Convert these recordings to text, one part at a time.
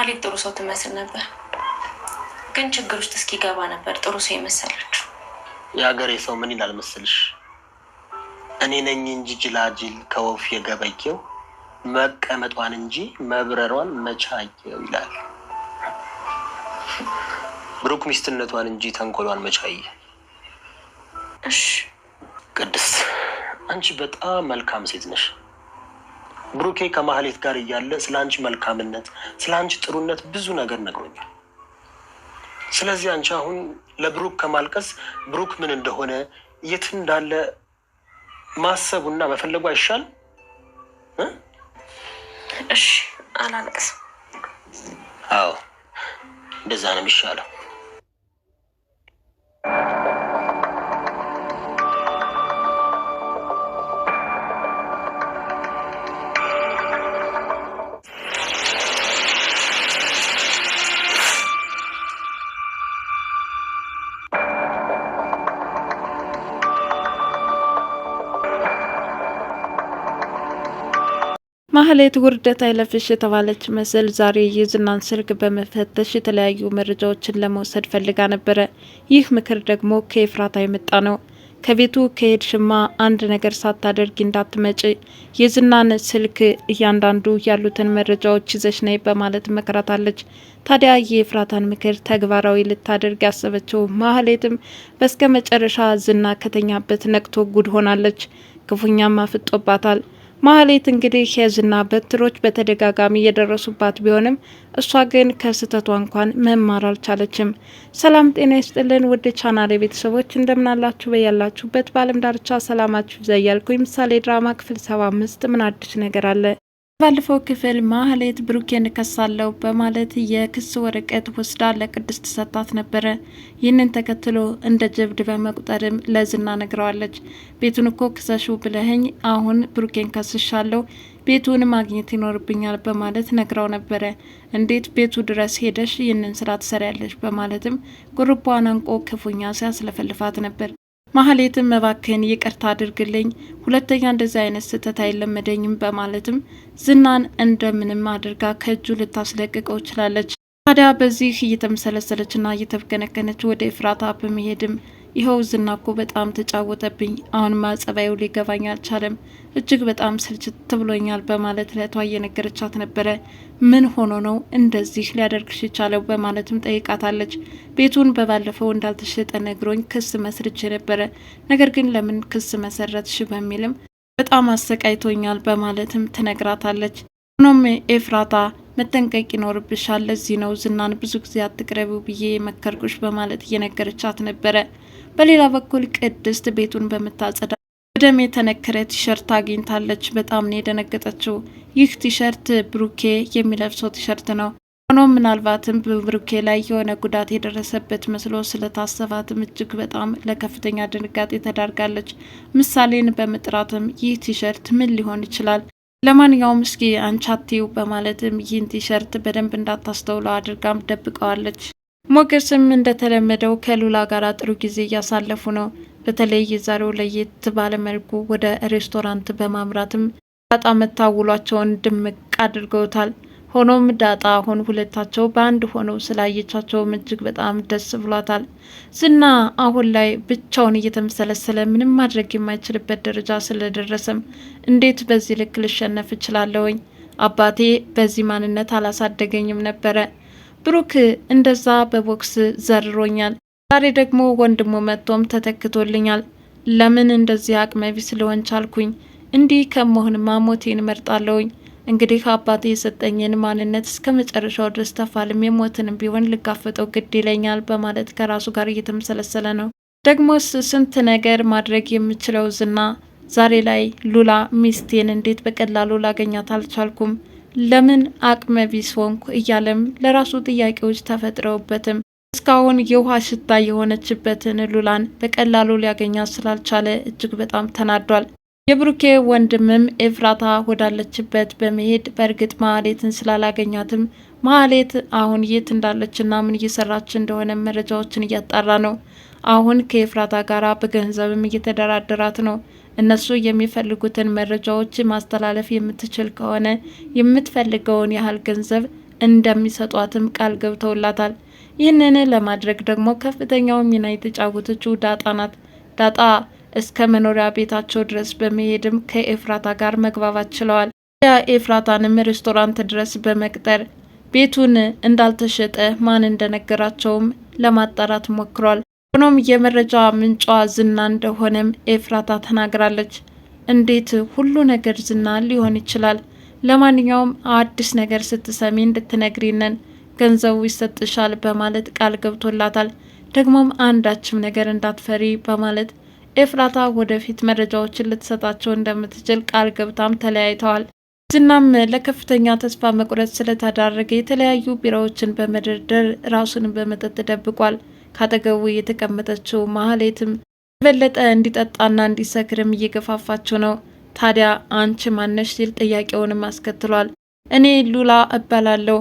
ማሌት ጥሩ ሰው ትመስል ነበር፣ ግን ችግር ውስጥ እስኪገባ ነበር ጥሩ ሰው የመሰለች የሀገሬ ሰው ምን ይላል መሰልሽ? እኔ ነኝ እንጂ ጅላጅል ከወፍ የገበየው መቀመጧን እንጂ መብረሯን መቻየው ይላል። ብሩክ ሚስትነቷን እንጂ ተንኮሏን መቻየ። እሺ ቅድስት፣ አንቺ በጣም መልካም ሴት ነሽ። ብሩኬ ከማህሌት ጋር እያለ ስለ አንቺ መልካምነት፣ ስለ አንቺ ጥሩነት ብዙ ነገር ነግሮኛል። ስለዚህ አንቺ አሁን ለብሩክ ከማልቀስ ብሩክ ምን እንደሆነ የት እንዳለ ማሰቡና መፈለጉ አይሻል? እሺ፣ አላለቅስም። አዎ፣ እንደዛ ነው የሚሻለው። ማህሌት ውርደት አይለፍሽ የተባለች መስል ዛሬ የዝናን ስልክ በመፈተሽ የተለያዩ መረጃዎችን ለመውሰድ ፈልጋ ነበረ። ይህ ምክር ደግሞ ከኤፍራታ የመጣ ነው። ከቤቱ ከሄድሽማ አንድ ነገር ሳታደርጊ እንዳትመጪ፣ የዝናን ስልክ እያንዳንዱ ያሉትን መረጃዎች ይዘሽ ነይ በማለት መክራታለች። ታዲያ የኤፍራታን ምክር ተግባራዊ ልታደርግ ያሰበችው ማህሌትም በስከ መጨረሻ ዝና ከተኛበት ነቅቶ ጉድ ሆናለች። ክፉኛም አፍጦባታል። ማህሌት እንግዲህ ሄዝና በትሮች በተደጋጋሚ እየደረሱባት ቢሆንም እሷ ግን ከስህተቷ እንኳን መማር አልቻለችም። ሰላም ጤና ይስጥልን ውድ ቻናሌ ቤተሰቦች እንደምናላችሁ በያላችሁበት በአለም ዳርቻ ሰላማችሁ ይብዛ እያልኩኝ ምሳሌ ድራማ ክፍል ሰባ አምስት ምን አዲስ ነገር አለ ባለፈው ክፍል ማህሌት ብሩኬን ከሳለው በማለት የክስ ወረቀት ወስዳ ለቅድስት ሰጣት ነበረ። ይህንን ተከትሎ እንደ ጀብድ በመቁጠርም ለዝና ነግረዋለች። ቤቱን እኮ ክሰሹ ብለህኝ አሁን ብሩኬን ከስሻለው ቤቱን ማግኘት ይኖርብኛል በማለት ነግረው ነበረ። እንዴት ቤቱ ድረስ ሄደሽ ይህንን ስራ ትሰሪያለች? በማለትም ጉርቧን አንቆ ክፉኛ ሲያስለፈልፋት ነበር። ማህሌትም እባክህን ይቅርታ አድርግልኝ፣ ሁለተኛ እንደዚህ አይነት ስህተት አይለመደኝም በማለትም ዝናን እንደምንም አድርጋ ከእጁ ልታስለቅቀው ችላለች። ታዲያ በዚህ እየተመሰለሰለችና እየተፍገነገነች ወደ ኤፍራታ በመሄድም ይኸው ዝና እኮ በጣም ተጫወተብኝ። አሁን ማጸባዩ ሊገባኝ አልቻለም። እጅግ በጣም ስልችት ብሎኛል በማለት ለቷ እየነገረቻት ነበረ። ምን ሆኖ ነው እንደዚህ ሊያደርግሽ የቻለው በማለትም ጠይቃታለች። ቤቱን በባለፈው እንዳልተሸጠ ነግሮኝ ክስ መስርች ነበረ። ነገር ግን ለምን ክስ መሰረትሽ በሚልም በጣም አሰቃይቶኛል በማለትም ትነግራታለች። ሆኖም ኤፍራታ መጠንቀቅ ይኖርብሻል። ለዚህ ነው ዝናን ብዙ ጊዜ አትቅረቢው ብዬ መከርኩሽ በማለት እየነገረቻት ነበረ። በሌላ በኩል ቅድስት ቤቱን በምታጸዳ በደም የተነከረ ቲሸርት አግኝታለች። በጣም ነው የደነገጠችው። ይህ ቲሸርት ብሩኬ የሚለብሰው ቲሸርት ነው። ሆኖም ምናልባትም በብሩኬ ላይ የሆነ ጉዳት የደረሰበት መስሎ ስለታሰባትም እጅግ በጣም ለከፍተኛ ድንጋጤ ተዳርጋለች። ምሳሌን በመጥራትም ይህ ቲሸርት ምን ሊሆን ይችላል? ለማንኛውም እስኪ አንቻቴው በማለትም ይህን ቲሸርት በደንብ እንዳታስተውለው አድርጋም ደብቀዋለች። ሞገስም እንደተለመደው ከሉላ ጋር ጥሩ ጊዜ እያሳለፉ ነው። በተለይ የዛሬው ለየት ባለመልኩ ወደ ሬስቶራንት በማምራትም ዳጣ መታውሏቸውን ድምቅ አድርገውታል። ሆኖም ዳጣ አሁን ሁለታቸው በአንድ ሆነው ስላየቻቸውም እጅግ በጣም ደስ ብሏታል። ዝና አሁን ላይ ብቻውን እየተመሰለሰለ ምንም ማድረግ የማይችልበት ደረጃ ስለደረሰም እንዴት በዚህ ልክ ልሸነፍ እችላለሁኝ? አባቴ በዚህ ማንነት አላሳደገኝም ነበረ ብሩክ እንደዛ በቦክስ ዘርሮኛል፣ ዛሬ ደግሞ ወንድሙ መጥቶም ተተክቶልኛል። ለምን እንደዚህ አቅመ ቢስ ልሆን ቻልኩኝ? እንዲህ ከመሆንማ ሞቴን እመርጣለሁኝ። እንግዲህ አባቴ የሰጠኝን ማንነት እስከ መጨረሻው ድረስ ተፋልሜ የሞትን ቢሆን ልጋፈጠው ግድ ይለኛል በማለት ከራሱ ጋር እየተመሰለሰለ ነው። ደግሞስ ስንት ነገር ማድረግ የምችለው ዝና ዛሬ ላይ ሉላ ሚስቴን እንዴት በቀላሉ ላገኛት አልቻልኩም? ለምን አቅመ ቢስ ሆንኩ እያለም ለራሱ ጥያቄዎች ተፈጥረውበትም እስካሁን የውሃ ሽታ የሆነችበትን ሉላን በቀላሉ ሊያገኛት ስላልቻለ እጅግ በጣም ተናዷል። የብሩኬ ወንድምም ኤፍራታ ወዳለችበት በመሄድ በእርግጥ ማህሌትን ስላላገኛትም ማህሌት አሁን የት እንዳለችና ምን እየሰራች እንደሆነ መረጃዎችን እያጣራ ነው። አሁን ከኤፍራታ ጋር በገንዘብም እየተደራደራት ነው። እነሱ የሚፈልጉትን መረጃዎች ማስተላለፍ የምትችል ከሆነ የምትፈልገውን ያህል ገንዘብ እንደሚሰጧትም ቃል ገብተውላታል። ይህንን ለማድረግ ደግሞ ከፍተኛው ሚና የተጫወተችው ዳጣ ናት። ዳጣ እስከ መኖሪያ ቤታቸው ድረስ በመሄድም ከኤፍራታ ጋር መግባባት ችለዋል። ኤፍራታንም ሬስቶራንት ድረስ በመቅጠር ቤቱን እንዳልተሸጠ ማን እንደነገራቸውም ለማጣራት ሞክሯል። ሆኖም የመረጃ ምንጯ ዝና እንደሆነም ኤፍራታ ተናግራለች። እንዴት ሁሉ ነገር ዝና ሊሆን ይችላል? ለማንኛውም አዲስ ነገር ስትሰሚ እንድትነግሪነን ገንዘቡ ይሰጥሻል በማለት ቃል ገብቶላታል። ደግሞም አንዳችም ነገር እንዳትፈሪ በማለት ኤፍራታ ወደፊት መረጃዎችን ልትሰጣቸው እንደምትችል ቃል ገብታም ተለያይተዋል። ዝናም ለከፍተኛ ተስፋ መቁረጥ ስለተዳረገ የተለያዩ ቢራዎችን በመደርደር ራሱን በመጠጥ ደብቋል። ካጠገቡ የተቀመጠችው ማህሌትም የበለጠ እንዲጠጣና እንዲሰክርም እየገፋፋችው ነው። ታዲያ አንቺ ማነሽ ሲል ጥያቄውንም አስከትሏል። እኔ ሉላ እባላለሁ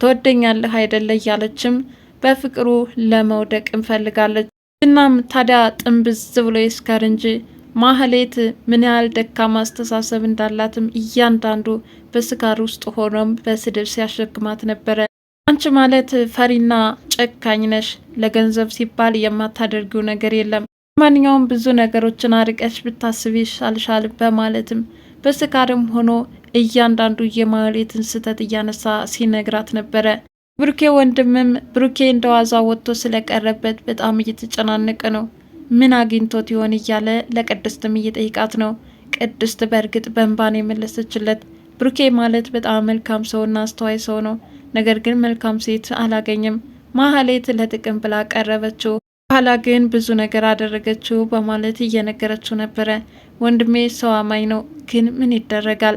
ትወደኛለህ አይደለ እያለችም በፍቅሩ ለመውደቅ እንፈልጋለች። እናም ታዲያ ጥንብዝ ብሎ ይስከር እንጂ ማህሌት ምን ያህል ደካማ አስተሳሰብ እንዳላትም እያንዳንዱ በስካር ውስጥ ሆኖም በስድብ ሲያሸክማት ነበረ። አንቺ ማለት ፈሪና ጨካኝ ነሽ። ለገንዘብ ሲባል የማታደርጊው ነገር የለም። ማንኛውም ብዙ ነገሮችን አርቀሽ ብታስቢ ይሻልሻል በማለትም በስካርም ሆኖ እያንዳንዱ የማህሌትን ስህተት እያነሳ ሲነግራት ነበረ። ብሩኬ ወንድምም ብሩኬ እንደዋዛ ወጥቶ ስለቀረበት በጣም እየተጨናነቀ ነው። ምን አግኝቶት ይሆን እያለ ለቅድስትም እየጠይቃት ነው። ቅድስት በእርግጥ በእንባን የመለሰችለት ብሩኬ ማለት በጣም መልካም ሰውና አስተዋይ ሰው ነው ነገር ግን መልካም ሴት አላገኝም። ማህሌት ለጥቅም ብላ ቀረበችው፣ ኋላ ግን ብዙ ነገር አደረገችው በማለት እየነገረችው ነበረ። ወንድሜ ሰው አማኝ ነው፣ ግን ምን ይደረጋል።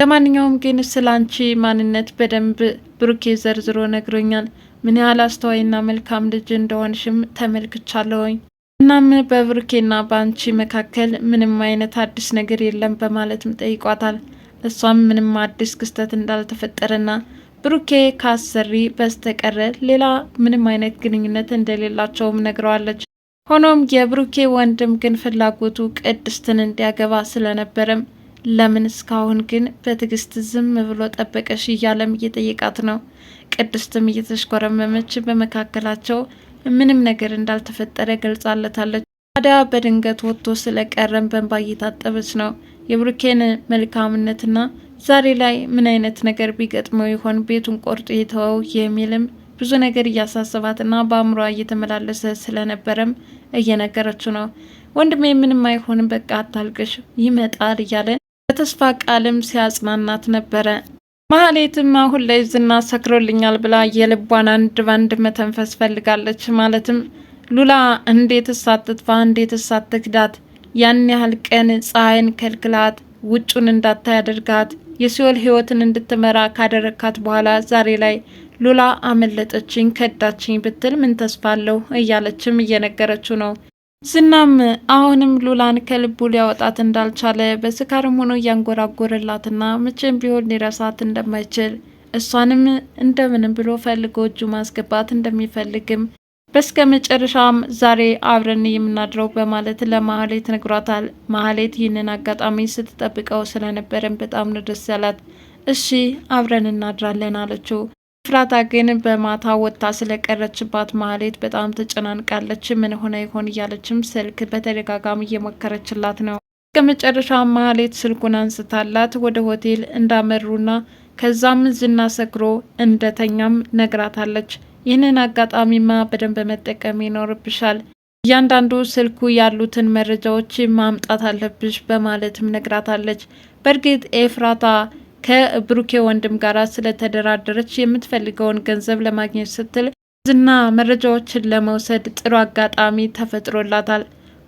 ለማንኛውም ግን ስለ አንቺ ማንነት በደንብ ብሩኬ ዘርዝሮ ነግሮኛል። ምን ያህል አስተዋይና መልካም ልጅ እንደሆንሽም ተመልክቻለሁኝ። እናም በብሩኬና በአንቺ መካከል ምንም አይነት አዲስ ነገር የለም በማለትም ጠይቋታል። እሷም ምንም አዲስ ክስተት እንዳልተፈጠረና ብሩኬ ካሰሪ በስተቀረ ሌላ ምንም አይነት ግንኙነት እንደሌላቸውም ነግረዋለች። ሆኖም የብሩኬ ወንድም ግን ፍላጎቱ ቅድስትን እንዲያገባ ስለነበረም ለምን እስካሁን ግን በትዕግስት ዝም ብሎ ጠበቀሽ እያለም እየጠየቃት ነው። ቅድስትም እየተሽኮረመመች በመካከላቸው ምንም ነገር እንዳልተፈጠረ ገልጻለታለች። ታዲያ በድንገት ወጥቶ ስለቀረም በንባ እየታጠበች ነው። የብሩኬን መልካምነትና ዛሬ ላይ ምን አይነት ነገር ቢገጥመው ይሆን ቤቱን ቆርጦ የተወው የሚልም ብዙ ነገር እያሳሰባትና በአእምሯ እየተመላለሰ ስለነበረም እየነገረችው ነው። ወንድሜ ምንም አይሆንም፣ በቃ አታልቅሽ፣ ይመጣል እያለ በተስፋ ቃልም ሲያጽናናት ነበረ። ማህሌትም አሁን ላይ ዝና ሰክሮልኛል ብላ የልቧን አንድ ባንድ መተንፈስ ፈልጋለች። ማለትም ሉላ እንዴት ሳትጥፋ እንዴት ሳትክዳት ያን ያህል ቀን ፀሐይን ከልክላት ውጩን እንዳታያደርጋት የሲኦል ህይወትን እንድትመራ ካደረግካት በኋላ ዛሬ ላይ ሉላ አመለጠችኝ፣ ከዳችኝ ብትል ምን ተስፋ አለው እያለችም እየነገረችው ነው። ዝናም አሁንም ሉላን ከልቡ ሊያወጣት እንዳልቻለ በስካርም ሆኖ እያንጎራጎረላትና መቼም ቢሆን ሊረሳት እንደማይችል እሷንም እንደምንም ብሎ ፈልጎ እጁ ማስገባት እንደሚፈልግም በስከ መጨረሻም ዛሬ አብረን የምናድረው በማለት ለማህሌት ነግሯታል። ማህሌት ይህንን አጋጣሚ ስትጠብቀው ስለነበረን በጣም ነው ደስ ያላት። እሺ አብረን እናድራለን አለችው። ኤፍራታ ግን በማታ ወጥታ ስለቀረችባት ማህሌት በጣም ተጨናንቃለች። ምን ሆነ ይሆን እያለችም ስልክ በተደጋጋሚ እየሞከረችላት ነው። እስከ መጨረሻ ማህሌት ስልኩን አንስታላት ወደ ሆቴል እንዳመሩና ከዛም ዝና ሰክሮ እንደተኛም ነግራታለች። ይህንን አጋጣሚማ በደንብ መጠቀም ይኖርብሻል። እያንዳንዱ ስልኩ ያሉትን መረጃዎች ማምጣት አለብሽ በማለትም ነግራታለች። በእርግጥ ኤፍራታ ከብሩኬ ወንድም ጋር ስለተደራደረች የምትፈልገውን ገንዘብ ለማግኘት ስትል ዝና መረጃዎችን ለመውሰድ ጥሩ አጋጣሚ ተፈጥሮላታል።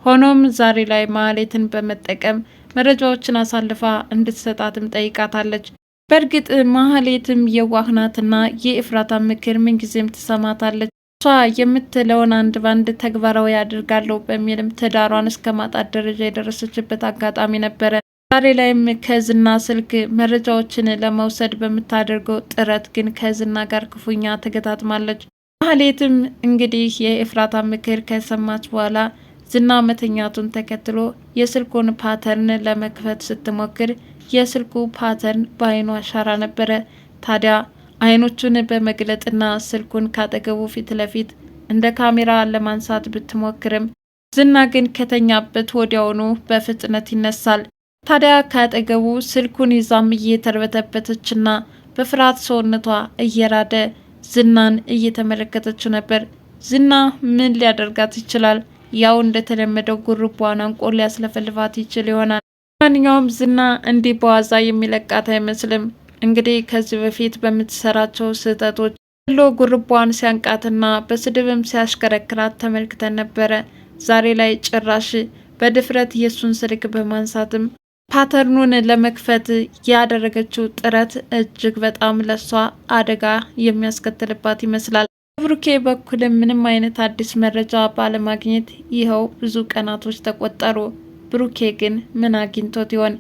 ሆኖም ዛሬ ላይ ማህሌትን በመጠቀም መረጃዎችን አሳልፋ እንድትሰጣትም ጠይቃታለች። በእርግጥ ማህሌትም የዋህናትና የኤፍራታ ምክር ምንጊዜም ትሰማታለች። እሷ የምትለውን አንድ ባንድ ተግባራዊ ያደርጋለሁ በሚልም ትዳሯን እስከ ማጣት ደረጃ የደረሰችበት አጋጣሚ ነበረ። ዛሬ ላይም ከዝና ስልክ መረጃዎችን ለመውሰድ በምታደርገው ጥረት ግን ከዝና ጋር ክፉኛ ተገጣጥማለች። ማህሌትም እንግዲህ የኤፍራታ ምክር ከሰማች በኋላ ዝና መተኛቱን ተከትሎ የስልኩን ፓተርን ለመክፈት ስትሞክር የስልኩ ፓተርን በአይኑ አሻራ ነበረ። ታዲያ አይኖቹን በመግለጥና ስልኩን ካጠገቡ ፊት ለፊት እንደ ካሜራ ለማንሳት ብትሞክርም ዝና ግን ከተኛበት ወዲያውኑ በፍጥነት ይነሳል። ታዲያ ካጠገቡ ስልኩን ይዛም እየተርበተበተችና በፍርሃት ሰውነቷ እየራደ ዝናን እየተመለከተችው ነበር። ዝና ምን ሊያደርጋት ይችላል? ያው እንደተለመደው ጉርቧን አንቆ ሊያስለፈልፋት ይችል ይሆናል። ማንኛውም ዝና እንዲህ በዋዛ የሚለቃት አይመስልም። እንግዲህ ከዚህ በፊት በምትሰራቸው ስህተቶች ሎ ጉርቧን ሲያንቃትና በስድብም ሲያሽከረክራት ተመልክተን ነበረ። ዛሬ ላይ ጭራሽ በድፍረት የእሱን ስልክ በማንሳትም ፓተርኑን ለመክፈት ያደረገችው ጥረት እጅግ በጣም ለሷ አደጋ የሚያስከትልባት ይመስላል። ብሩኬ በኩልም ምንም አይነት አዲስ መረጃ ባለማግኘት ይኸው ብዙ ቀናቶች ተቆጠሩ። ብሩኬ ግን ምን አግኝቶት ይሆን?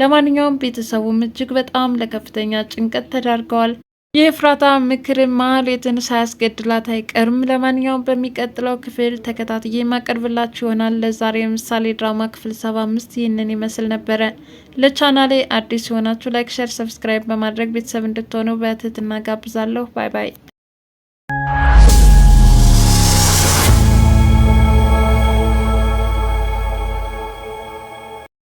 ለማንኛውም ቤተሰቡም እጅግ በጣም ለከፍተኛ ጭንቀት ተዳርገዋል። የፍራታ ምክርን ማህሌትን ሳያስገድላት አይቀርም። ለማንኛውም በሚቀጥለው ክፍል ተከታትዬ የማቀርብላችሁ ይሆናል። ለዛሬ ምሳሌ ድራማ ክፍል ሰባ አምስት ይህንን ይመስል ነበረ። ለቻናሌ አዲስ የሆናችሁ ላይክ፣ ሸር፣ ሰብስክራይብ በማድረግ ቤተሰብ እንድትሆኑ በትህትና ጋብዛለሁ። ባይ ባይ።